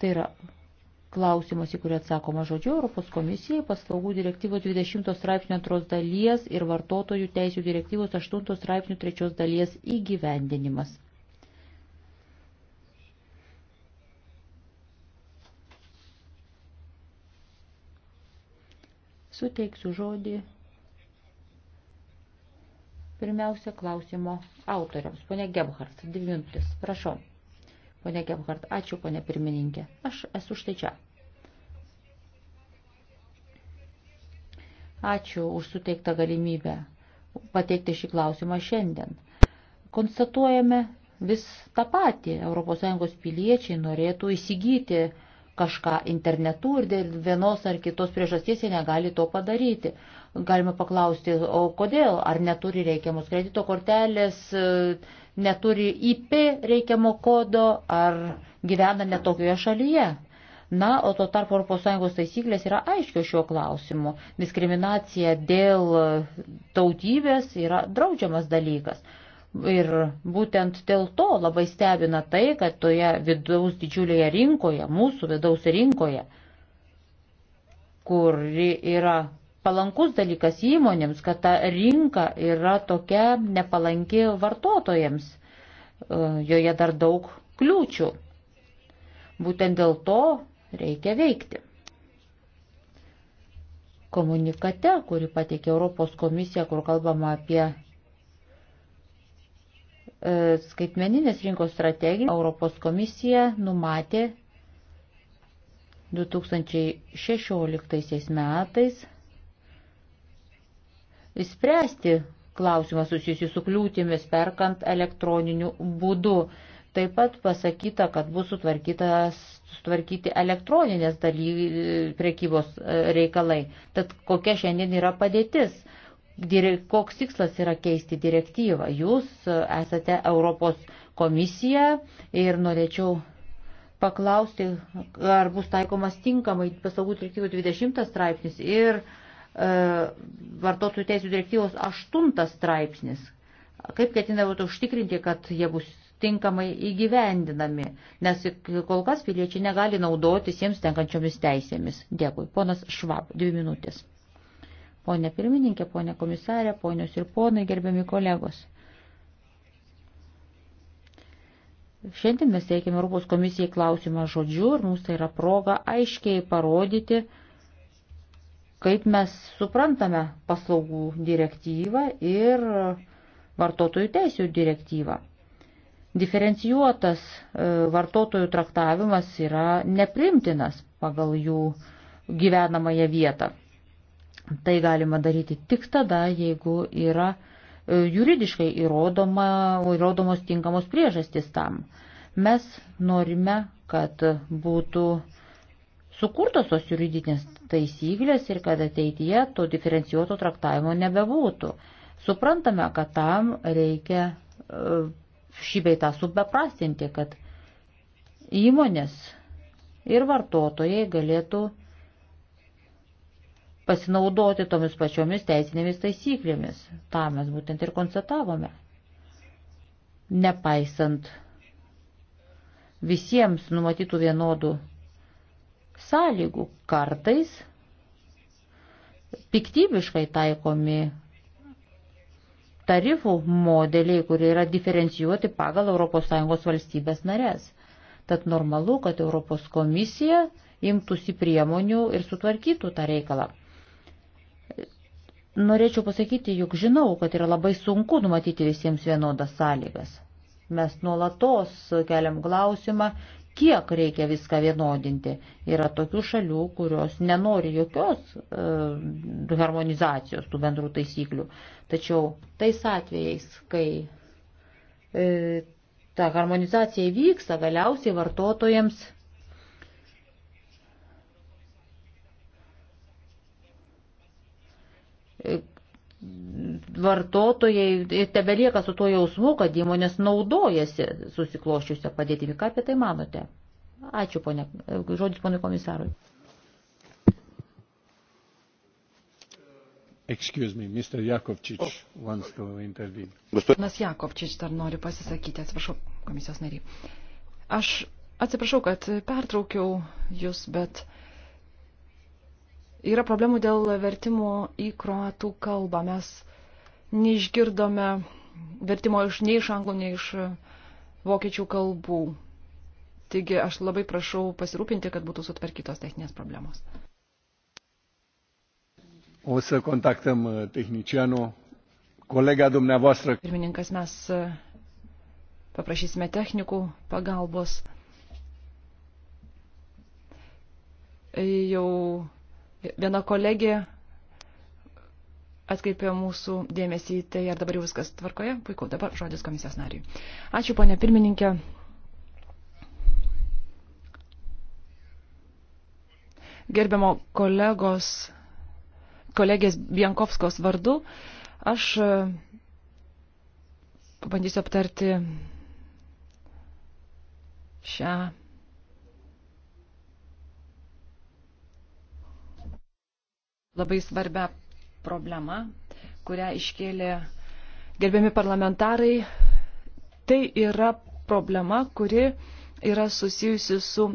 Tai yra klausimas, į kurį atsakoma žodžiu Europos komisijai, paslaugų direktyvos 20 straipsnio 2 dalies ir vartotojų teisų direktyvos 8 straipsnio 3 dalies įgyvendinimas. Suteiksiu žodį pirmiausia klausimo autoriams. Pone Gebhardt, dvi minutės, prašau. Pone Gebhardt, ačiū, pone pirmininkė. Aš esu štai čia. Ačiū už suteiktą galimybę pateikti šį klausimą šiandien. Konstatuojame vis tą patį. ES piliečiai norėtų įsigyti kažką internetu ir dėl vienos ar kitos priežasties jie negali to padaryti. Galima paklausti, o kodėl, ar neturi reikiamos kredito kortelės, neturi IP reikiamo kodo, ar gyvena netokioje šalyje. Na, o tuo tarpu ES taisyklės yra aiškios šiuo klausimu. Diskriminacija dėl tautybės yra draudžiamas dalykas. Ir būtent dėl to labai stebina tai, kad toje vidaus didžiulėje rinkoje, mūsų vidaus rinkoje, kur yra palankus dalykas įmonėms, kad ta rinka yra tokia nepalanki vartotojams, e, joje dar daug kliūčių. Būtent dėl to reikia veikti. Komunikate, kurį pateikė Europos komisija, kur kalbama apie E, skaitmeninės rinkos strategiją Europos komisija numatė 2016 metais įspręsti klausimą susijusiu su kliūtimis perkant elektroniniu būdu. Taip pat pasakyta, kad bus sutvarkyti elektroninės daly, e, prekybos e, reikalai. Tad kokia šiandien yra padėtis? koks tikslas yra keisti direktyvą. Jūs esate Europos komisija ir norėčiau paklausti, ar bus taikomas tinkamai paslaugų direktyvų 20 straipsnis ir e, vartotojų teisų direktyvos 8 straipsnis. Kaip ketinavote užtikrinti, kad jie bus tinkamai įgyvendinami, nes kol kas piliečiai negali naudotis jiems tenkančiomis teisėmis. Dėkui. Ponas Švab, dvi minutės. Pone pirmininkė, pone komisarė, ponios ir ponai, gerbiami kolegos. Šiandien mes teikėme Europos komisijai klausimą žodžiu ir mums tai yra proga aiškiai parodyti, kaip mes suprantame paslaugų direktyvą ir vartotojų teisų direktyvą. Diferencijuotas e, vartotojų traktavimas yra neprimtinas pagal jų gyvenamąją vietą. Tai galima daryti tik tada, jeigu yra e, juridiškai įrodoma, įrodomos tinkamos priežastys tam. Mes norime, kad būtų sukurtos tos juridinės taisyklės ir kad ateityje to diferencijuoto traktavimo nebebūtų. Suprantame, kad tam reikia e, šį beitą subeprastinti, kad įmonės ir vartotojai galėtų pasinaudoti tomis pačiomis teisinėmis taisyklėmis. Ta mes būtent ir konstatavome. Nepaisant visiems numatytų vienodų sąlygų, kartais piktybiškai taikomi tarifų modeliai, kurie yra diferencijuoti pagal ES valstybės narės. Tad normalu, kad Europos komisija imtųsi priemonių ir sutvarkytų tą reikalą. Norėčiau pasakyti, juk žinau, kad yra labai sunku numatyti visiems vienodas sąlygas. Mes nuolatos keliam klausimą, kiek reikia viską vienodinti. Yra tokių šalių, kurios nenori jokios e, harmonizacijos tų bendrų taisyklių. Tačiau tais atvejais, kai e, ta harmonizacija įvyksta, galiausiai vartotojams vartotojai tebelieka su tuo jausmu, kad įmonės naudojasi susikloščiusią padėtimi. Ką apie tai manote? Ačiū, ponė. Žodis ponui komisarui. Excuse me, Mr. Jakovčič oh. wants to intervene. Ponas Jakovčič dar nori pasisakyti, atsiprašau, komisijos nariai. Aš atsiprašau, kad pertraukiau jūs, bet uh, Yra problemų dėl vertimo į kroatų kalbą. Mes neišgirdome vertimo iš, nei iš anglų, nei iš vokiečių kalbų. Taigi aš labai prašau pasirūpinti, kad būtų sutvarkytos techninės problemos. O să contactăm e, tehnicianul, colega dumneavoastră. Pirmininkas, mes e, paprašysime technikų pagalbos. E, jau Viena kolegė atkreipė mūsų dėmesį į tai, ar dabar jau viskas tvarkoje. Puiku, dabar žodis komisijos nariui. Ačiū, ponė pirmininkė. Gerbiamo kolegos, kolegės Bienkovskos vardu, aš e, pabandysiu aptarti šią labai svarbę problemą, kurią iškėlė gerbiami parlamentarai. Tai yra problema, kuri yra susijusi su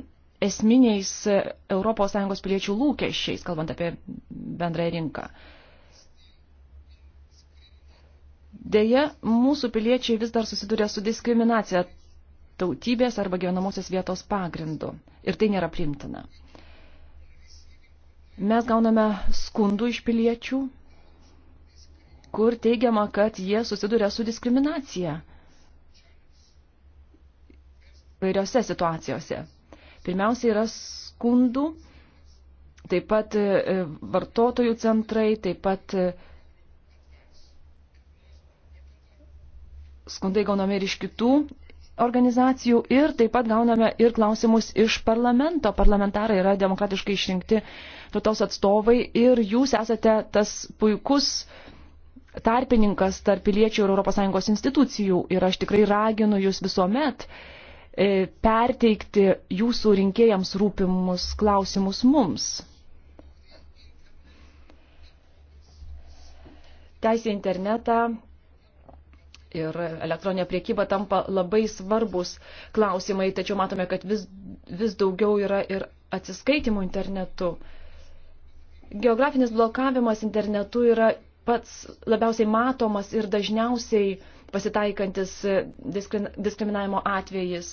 esminiais ES piliečių lūkesčiais, kalbant apie bendrąją rinką. Deja, mūsų piliečiai vis dar susiduria su diskriminacija tautybės arba gyvenamosios vietos pagrindu ir tai nėra primtina. Mes gauname skundų iš piliečių, kur teigiama, kad jie susiduria su diskriminacija vairiose situacijose. Pirmiausia yra skundų, taip pat e, vartotojų centrai, taip pat e, skundai gaunami ir iš kitų organizacijų ir taip pat gauname ir klausimus iš parlamento. Parlamentarai yra demokratiškai išrinkti tautos atstovai ir jūs esate tas puikus tarpininkas tarp piliečių ir ES institucijų ir aš tikrai raginu jūs visuomet e, perteikti jūsų rinkėjams rūpimus klausimus mums. Teisė internetą, ir elektroninė priekyba tampa labai svarbus klausimai, tačiau matome, kad vis, vis daugiau yra ir atsiskaitimų internetu. Geografinis blokavimas internetu yra pats labiausiai matomas ir dažniausiai pasitaikantis diskriminavimo atvejis,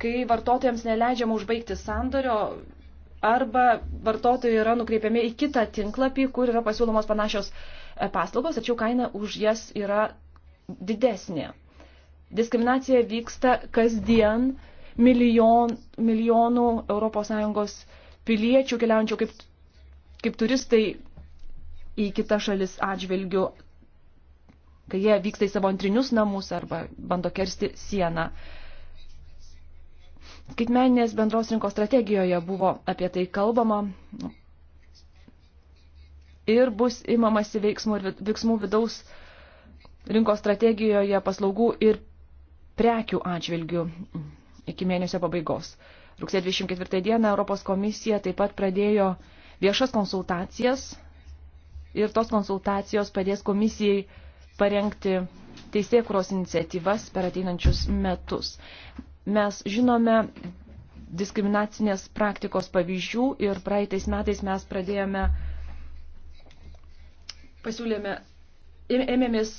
kai vartotojams neleidžiama užbaigti sandorio arba vartotojai yra nukreipiami į kitą tinklapį, kur yra pasiūlomos panašios e, paslaugos, tačiau kaina už jas yra didesnė. Diskriminacija vyksta kasdien milijon, milijonų ES piliečių keliaujančių kaip, kaip turistai į kitą šalis atžvilgių, kai jie vyksta į savo antrinius namus arba bando kersti sieną. Skaitmeninės bendros rinkos strategijoje buvo apie tai kalbama ir bus imamasi veiksmų, ir veiksmų vidaus rinkos strategijoje paslaugų ir prekių atžvilgių iki mėnesio pabaigos. Rugsėjo 24 dieną Europos komisija taip pat pradėjo viešas konsultacijas ir tos konsultacijos padės komisijai parengti teisėkuros iniciatyvas per ateinančius metus. Mes žinome diskriminacinės praktikos pavyzdžių ir praeitais metais mes pradėjome pasiūlėme ėmėmės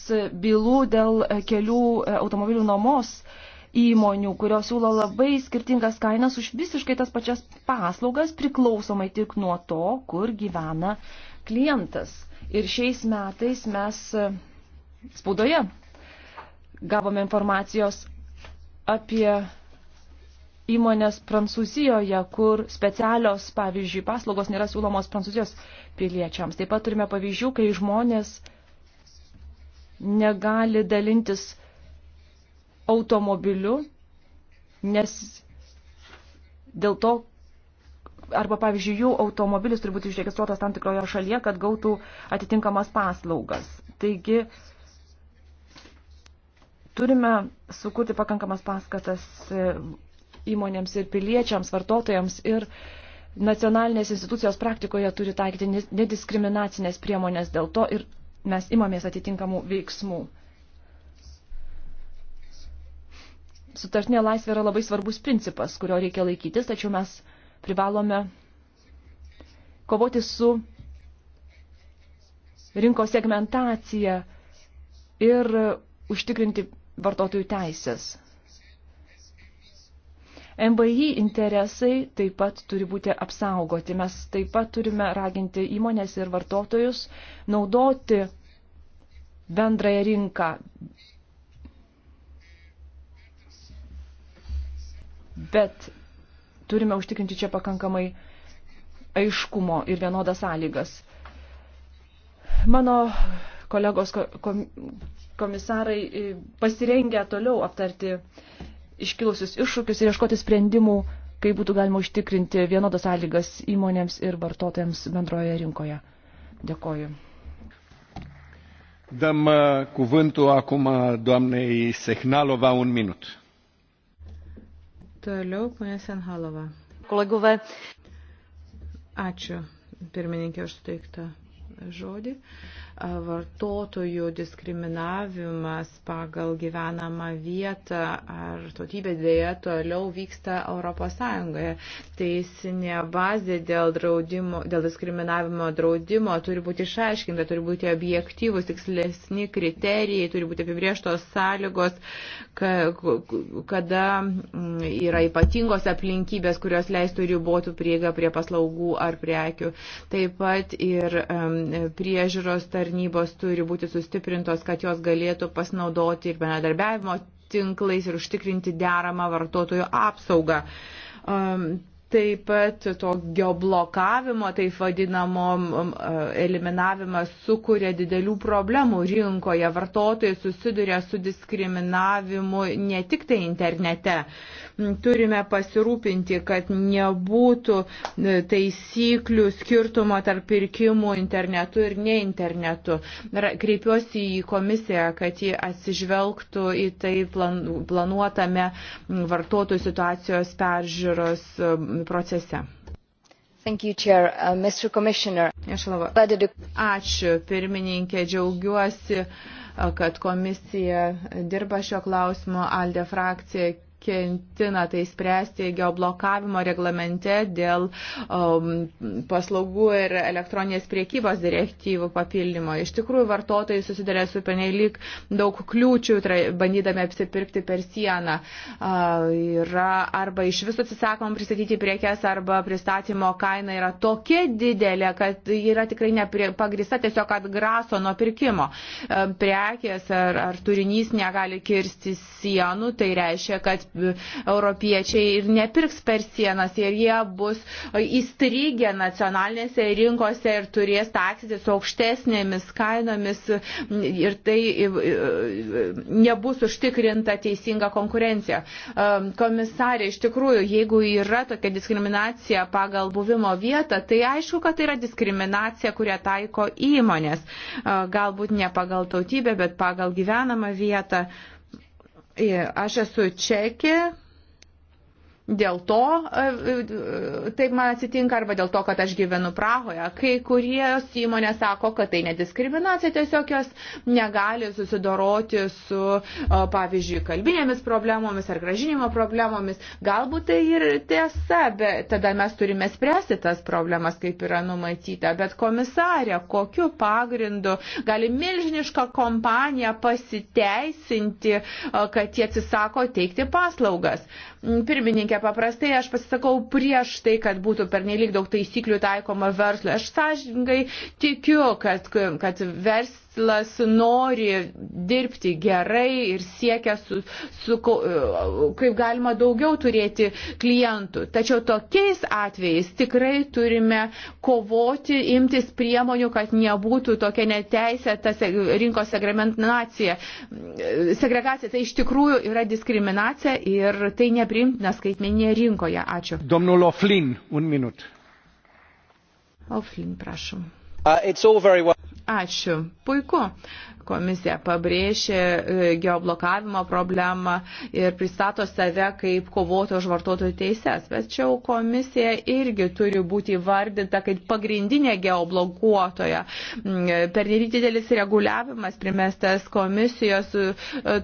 bylų dėl e, kelių e, automobilių nuomos įmonių, kurios siūlo labai skirtingas kainas už visiškai tas pačias paslaugas priklausomai tik nuo to, kur gyvena klientas. Ir šiais metais mes e, spaudoje gavome informacijos apie įmonės Prancūzijoje, kur specialios, pavyzdžiui, paslaugos nėra siūlomos Prancūzijos piliečiams. Taip pat turime pavyzdžių, kai žmonės uh, negali dalintis automobiliu, nes dėl to, arba pavyzdžiui, jų automobilis turi būti išregistruotas tam tikroje šalyje, kad gautų atitinkamas paslaugas. Taigi, turime sukurti pakankamas paskatas e, įmonėms ir piliečiams, vartotojams ir nacionalinės institucijos praktikoje turi taikyti nediskriminacinės priemonės dėl to ir mes imamės atitinkamų veiksmų. Sutartinė laisvė yra labai svarbus principas, kurio reikia laikytis, tačiau mes privalome kovoti su rinkos segmentacija ir užtikrinti vartotojų teisės. MBI interesai taip pat turi būti apsaugoti. Mes taip pat turime raginti įmonės ir vartotojus naudoti bendrąją rinką. Bet turime užtikrinti čia pakankamai aiškumo ir vienodas sąlygas. Mano kolegos komisarai e, pasirengia toliau aptarti iškilusius iššūkius ir ieškoti sprendimų, kaip būtų galima užtikrinti vienodas sąlygas įmonėms ir vartotojams bendroje rinkoje. Dėkoju. Dăm uh, cuvântul acum doamnei Sehnalova un minut. Toliau, ponia Senhalova. Kolegove. Ačiū, pirmininkė, už suteiktą žodį. Vartotojų diskriminavimas pagal gyvenamą vietą ar tautybę dėja toliau vyksta ES. Teisinė bazė dėl, draudimo, dėl diskriminavimo draudimo turi būti išaiškinta, turi būti objektyvus, tikslesni kriterijai, turi būti apibrieštos sąlygos, kada mm, yra ypatingos aplinkybės, kurios leistų riboti prieigą prie paslaugų ar prekių. Taip pat ir um, priežiūros tarnybos turi būti sustiprintos, kad jos galėtų pasinaudoti ir bendradarbiavimo tinklais ir užtikrinti deramą vartotojų apsaugą. Um, taip pat to geoblokavimo, taip vadinamo eliminavimas, sukuria didelių problemų rinkoje. Vartotojai susiduria su diskriminavimu ne tik tai internete. Turime pasirūpinti, kad nebūtų e, taisyklių skirtumo tarp pirkimų internetu ir ne internetu. Kreipiuosi į komisiją, kad ji atsižvelgtų į tai planuotame vartotojų situacijos peržiūros procese. You, uh, Ačiū pirmininkė, džiaugiuosi, uh, kad komisija dirba šio klausimo, Alde frakcija ketina tai spręsti geoblokavimo reglamente dėl um, paslaugų ir elektroninės priekybos direktyvų papildymo. Iš tikrųjų, vartotojai susidarė su penelyg daug kliūčių, bandydami apsipirkti per sieną. Uh, yra arba iš viso atsisakom pristatyti priekes, arba pristatymo kaina yra tokia didelė, kad yra tikrai nepagrista, tiesiog atgraso nuo pirkimo. Uh, prekės ar, ar turinys negali kirsti sienų, tai reiškia, kad europiečiai ir nepirks per sienas ir jie bus įstrigę nacionalinėse rinkose ir turės taksyti su aukštesnėmis kainomis ir tai nebus užtikrinta teisinga konkurencija. Komisarė, iš tikrųjų, jeigu yra tokia diskriminacija pagal buvimo vietą, tai aišku, kad tai yra diskriminacija, kurią taiko įmonės. Galbūt ne pagal tautybę, bet pagal gyvenamą vietą. Aš esu Čekė dėl to e, e, taip man atsitinka arba dėl to, kad aš gyvenu Prahoje. Kai kurie įmonės sako, kad tai nediskriminacija, tiesiog jos negali susidoroti su, e, pavyzdžiui, kalbinėmis problemomis ar gražinimo problemomis. Galbūt tai ir tiesa, bet tada mes turime spręsti tas problemas, kaip yra numatyta. Bet komisarė, kokiu pagrindu gali milžiniška kompanija pasiteisinti, kad jie atsisako teikti paslaugas? Mm, pirmininkė, paprastai aš pasisakau prieš tai, kad būtų pernelyg daug taisyklių taikoma verslui. Aš sąžininkai tikiu, kad, kad verslas nori dirbti gerai ir siekia su, su, kaip galima daugiau turėti klientų. Tačiau tokiais atvejais tikrai turime kovoti, imtis priemonių, kad nebūtų tokia neteisėta rinkos segregacija. Segregacija tai iš tikrųjų yra diskriminacija ir tai neprie priimtina skaitmeninėje rinkoje. Ačiū. Domnul Oflin, un minut. Oflin, prašom. Uh, well. Ačiū. Puiku. Komisija pabrėžė e, geoblokavimo problemą ir pristato save kaip kovotojo už vartotojų teises. Bet čia komisija irgi turi būti vardinta kaip pagrindinė geoblokuotoja. Mm, e, per nedidelis reguliavimas primestas komisijos e,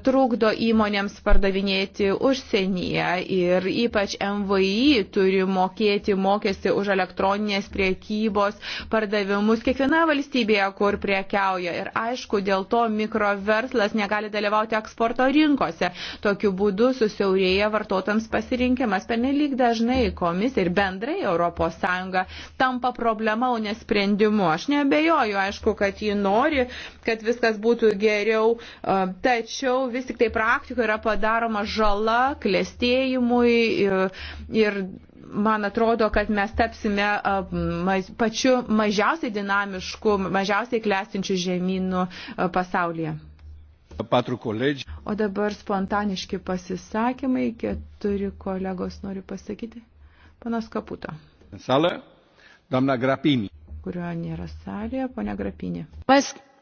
trukdo įmonėms pardavinėti užsienyje ir ypač MVI turi mokėti mokestį už elektroninės priekybos pardavimus kiekvienoje valstybėje, kur priekiauja. Ir aišku, dėl to mikroverslas negali dalyvauti eksporto rinkose. Tokiu būdu susiaurėja vartotams pasirinkimas. Per nelik dažnai komisija ir bendrai ES tampa problema, o nesprendimu. Aš nebejoju, aišku, kad ji nori, kad viskas būtų geriau, tačiau vis tik tai praktikoje yra padaroma žala klėstėjimui ir, ir man atrodo, kad mes tapsime pačiu mažiausiai dinamišku, mažiausiai klestinčiu žemynu pasaulyje. O dabar spontaniški pasisakymai, keturi kolegos nori pasakyti. Panas Kaputo. Salė, damna Grapini. Kurio nėra salėje, ponia Grapini.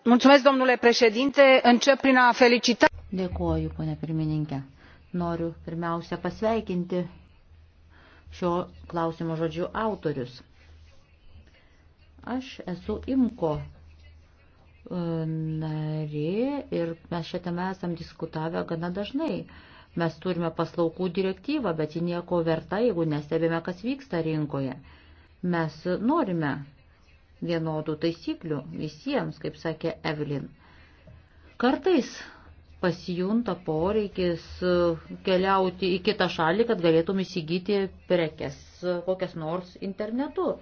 Mulțumesc, domnule președinte, încep prin a felicita. Dėkuoju, ponia pirmininkė. Noriu pirmiausia pasveikinti šio klausimo žodžių autorius. Aš esu Imko e, narė ir mes šią temą esam diskutavę gana dažnai. Mes turime paslaugų direktyvą, bet ji nieko verta, jeigu nestebime, kas vyksta rinkoje. Mes norime vienodų taisyklių visiems, kaip sakė Evelyn. Kartais pasijunta poreikis uh, keliauti į kitą šalį, kad galėtum įsigyti prekes uh, kokias nors internetu.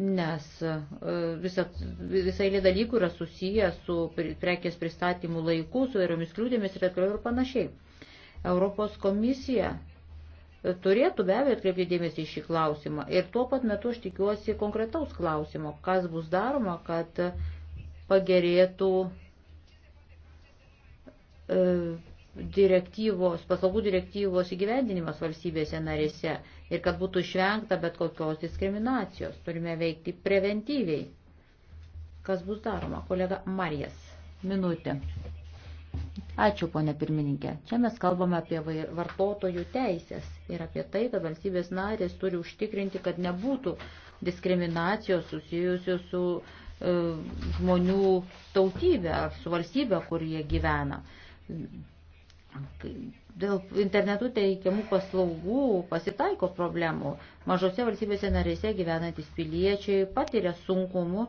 Nes uh, visa, visa eilė dalykų yra susiję su prekės pristatymu laiku, su įvairiomis kliūdėmis ir atkliau ir panašiai. Europos komisija turėtų be abejo atkreipti dėmesį į šį klausimą. Ir tuo pat metu aš tikiuosi konkretaus klausimo, kas bus daroma, kad pagerėtų E, direktyvos, paslaugų direktyvos įgyvendinimas valstybėse narėse ir kad būtų išvengta bet kokios diskriminacijos. Turime veikti preventyviai. Kas bus daroma? Kolega Marijas. Minutė. Ačiū, ponė pirmininkė. Čia mes kalbame apie vartotojų teisės ir apie tai, kad valstybės narės turi užtikrinti, kad nebūtų diskriminacijos susijusios su e, žmonių tautybė ar su valstybė, kur jie gyvena. E, Dėl internetu teikiamų paslaugų pasitaiko problemų. Mažose valstybėse narėse gyvenantis piliečiai patiria sunkumų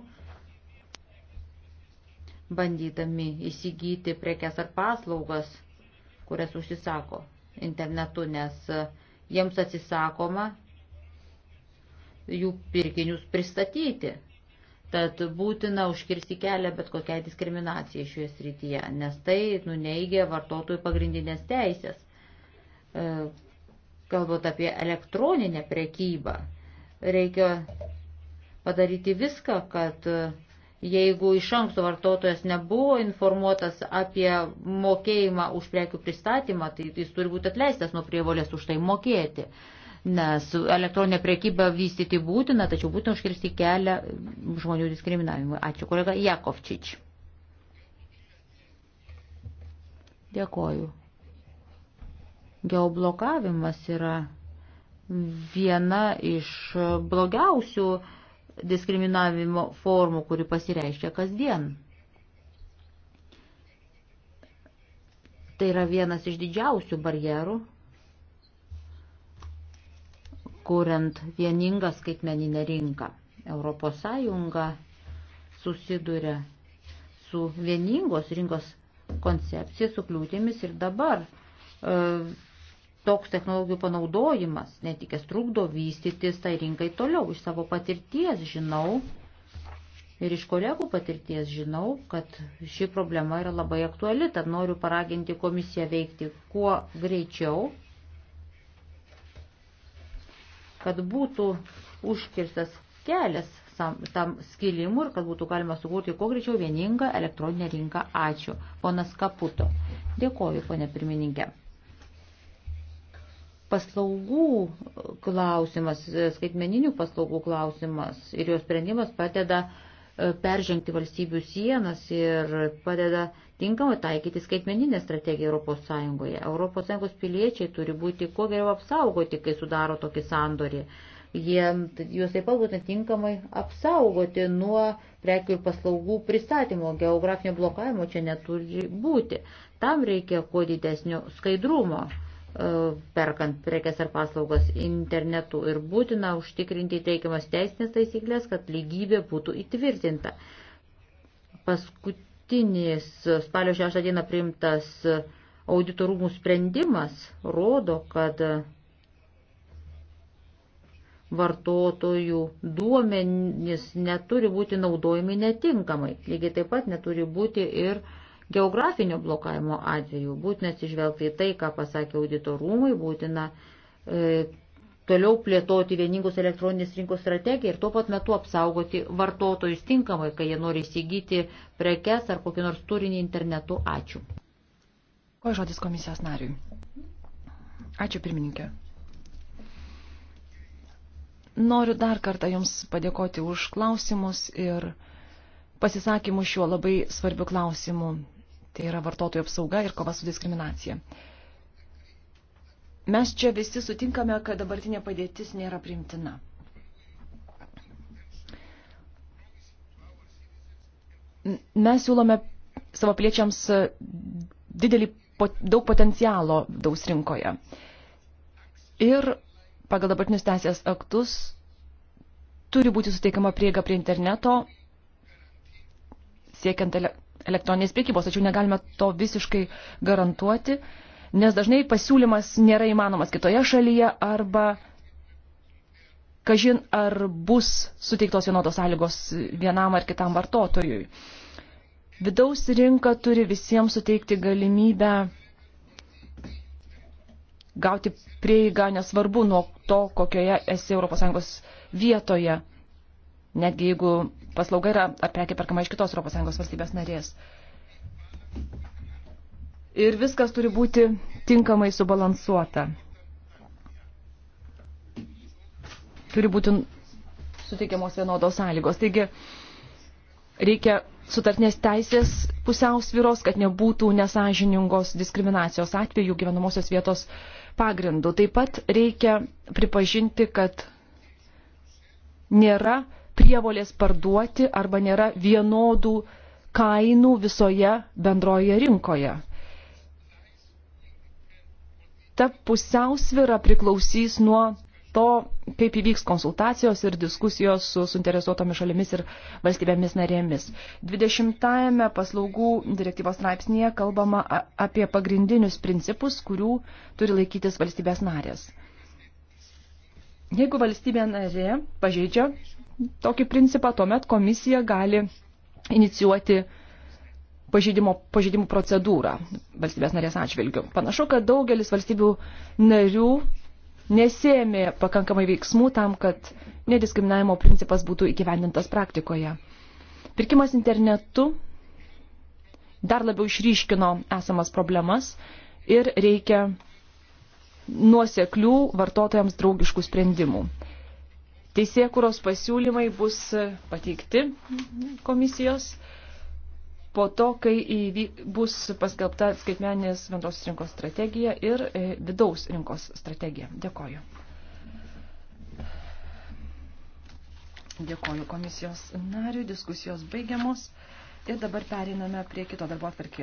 bandydami įsigyti prekes ar paslaugas, kurias užsisako internetu, nes e, jiems atsisakoma jų pirkinius pristatyti. Tad būtina užkirsti kelią bet kokiai diskriminacijai šioje srityje, nes tai nuneigia vartotojų pagrindinės teisės. E, kalbant apie elektroninę prekybą, reikia padaryti viską, kad e, jeigu iš anksto vartotojas nebuvo informuotas apie mokėjimą už prekių pristatymą, tai jis turi būti atleistas nuo prievolės už tai mokėti. Uh, nes elektroninę priekybą vystyti būtina, tačiau būtina užkirsti kelią žmonių diskriminavimui. Ačiū kolega Jakovčič. Dėkoju. Geoblokavimas yra viena iš blogiausių diskriminavimo formų, kuri pasireiškia kasdien. Tai yra vienas iš didžiausių barjerų kuriant vieningą skaitmeninę rinką. ES susiduria su vieningos rinkos koncepcija, su kliūtimis ir dabar e, toks technologijų panaudojimas netikės trukdo vystytis tai rinkai toliau. Iš savo patirties žinau ir iš kolegų patirties žinau, kad ši problema yra labai aktuali, tad noriu paraginti komisiją veikti kuo greičiau kad būtų užkirstas kelias tam skilimui ir kad būtų galima sukurti kuo greičiau vieningą elektroninę rinką. Ačiū. Ponas Kaputo. Dėkoju, ponė pirmininkė. Paslaugų klausimas, skaitmeninių paslaugų klausimas ir jos sprendimas padeda e, peržengti valstybių sienas ir padeda tinkamai taikyti skaitmeninę strategiją ES. ES piliečiai turi būti kuo geriau apsaugoti, kai sudaro tokį sandorį. Jie, juos taip pat būtent tinkamai apsaugoti nuo prekių ir paslaugų pristatymo, geografinio blokavimo čia neturi būti. Tam reikia kuo didesnio skaidrumo e, perkant prekes ar paslaugas internetu ir būtina užtikrinti teikiamas teisinės taisyklės, kad lygybė būtų įtvirtinta. Paskut Paskutinis spalio 6 dieną priimtas auditorumų sprendimas rodo, kad vartotojų duomenys neturi būti naudojami netinkamai. Lygiai taip pat neturi būti ir geografinio blokavimo atveju. Būtina atsižvelgti į tai, ką pasakė auditorumai, būtina e, toliau plėtoti vieningos elektroninės rinkos strategiją ir tuo pat metu apsaugoti vartotojus tinkamai, kai jie nori įsigyti prekes ar kokį nors turinį internetu. Ačiū. Ko žodis komisijos nariui? Ačiū pirmininkė. Noriu dar kartą Jums padėkoti už klausimus ir pasisakymus šiuo labai svarbiu klausimu. Tai yra vartotojų apsauga ir kova su diskriminacija. Mes čia visi sutinkame, kad dabartinė padėtis nėra primtina. Mes siūlome savo piliečiams e, didelį, daug potencialo daus rinkoje. Ir pagal dabartinius teisės aktus turi būti suteikiama prieiga prie interneto siekiant elektroninės priekybos, tačiau negalime to visiškai garantuoti nes dažnai pasiūlymas nėra įmanomas kitoje šalyje arba kažin ar bus suteiktos vienodos sąlygos vienam ar kitam vartotojui. Vidaus rinka turi visiems suteikti galimybę gauti prieigą, nesvarbu nuo to, kokioje esi ES vietoje, netgi jeigu paslauga yra ar prekė perkama iš kitos ES valstybės narės ir viskas turi būti tinkamai subalansuota. Turi būti suteikiamos vienodos sąlygos. Taigi reikia sutartinės teisės pusiausvyros, kad nebūtų nesažiningos diskriminacijos atvejų gyvenamosios vietos pagrindų. Taip pat reikia pripažinti, kad nėra prievolės parduoti arba nėra vienodų kainų visoje bendroje rinkoje ta pusiausvyra priklausys nuo to, kaip įvyks konsultacijos ir diskusijos su suinteresuotomis šalimis ir valstybėmis narėmis. 20-ame paslaugų direktyvos straipsnėje kalbama apie pagrindinius principus, kurių turi laikytis valstybės narės. Jeigu valstybė narė pažeidžia tokį principą, tuomet komisija gali inicijuoti pažeidimo, pažeidimų procedūrą valstybės narės atžvilgių. Panašu, kad daugelis valstybių narių nesėmė pakankamai veiksmų tam, kad nediskriminavimo principas būtų įgyvendintas praktikoje. Pirkimas internetu dar labiau išryškino esamas problemas ir reikia nuoseklių vartotojams draugiškų sprendimų. Teisėkuros pasiūlymai bus pateikti komisijos po to, kai įvyk, bus paskelbta skaitmeninės bendros rinkos strategija ir e, vidaus rinkos strategija. Dėkoju. Dėkoju komisijos nariui, diskusijos baigiamos ir dabar periname prie kito darbo atvarkės.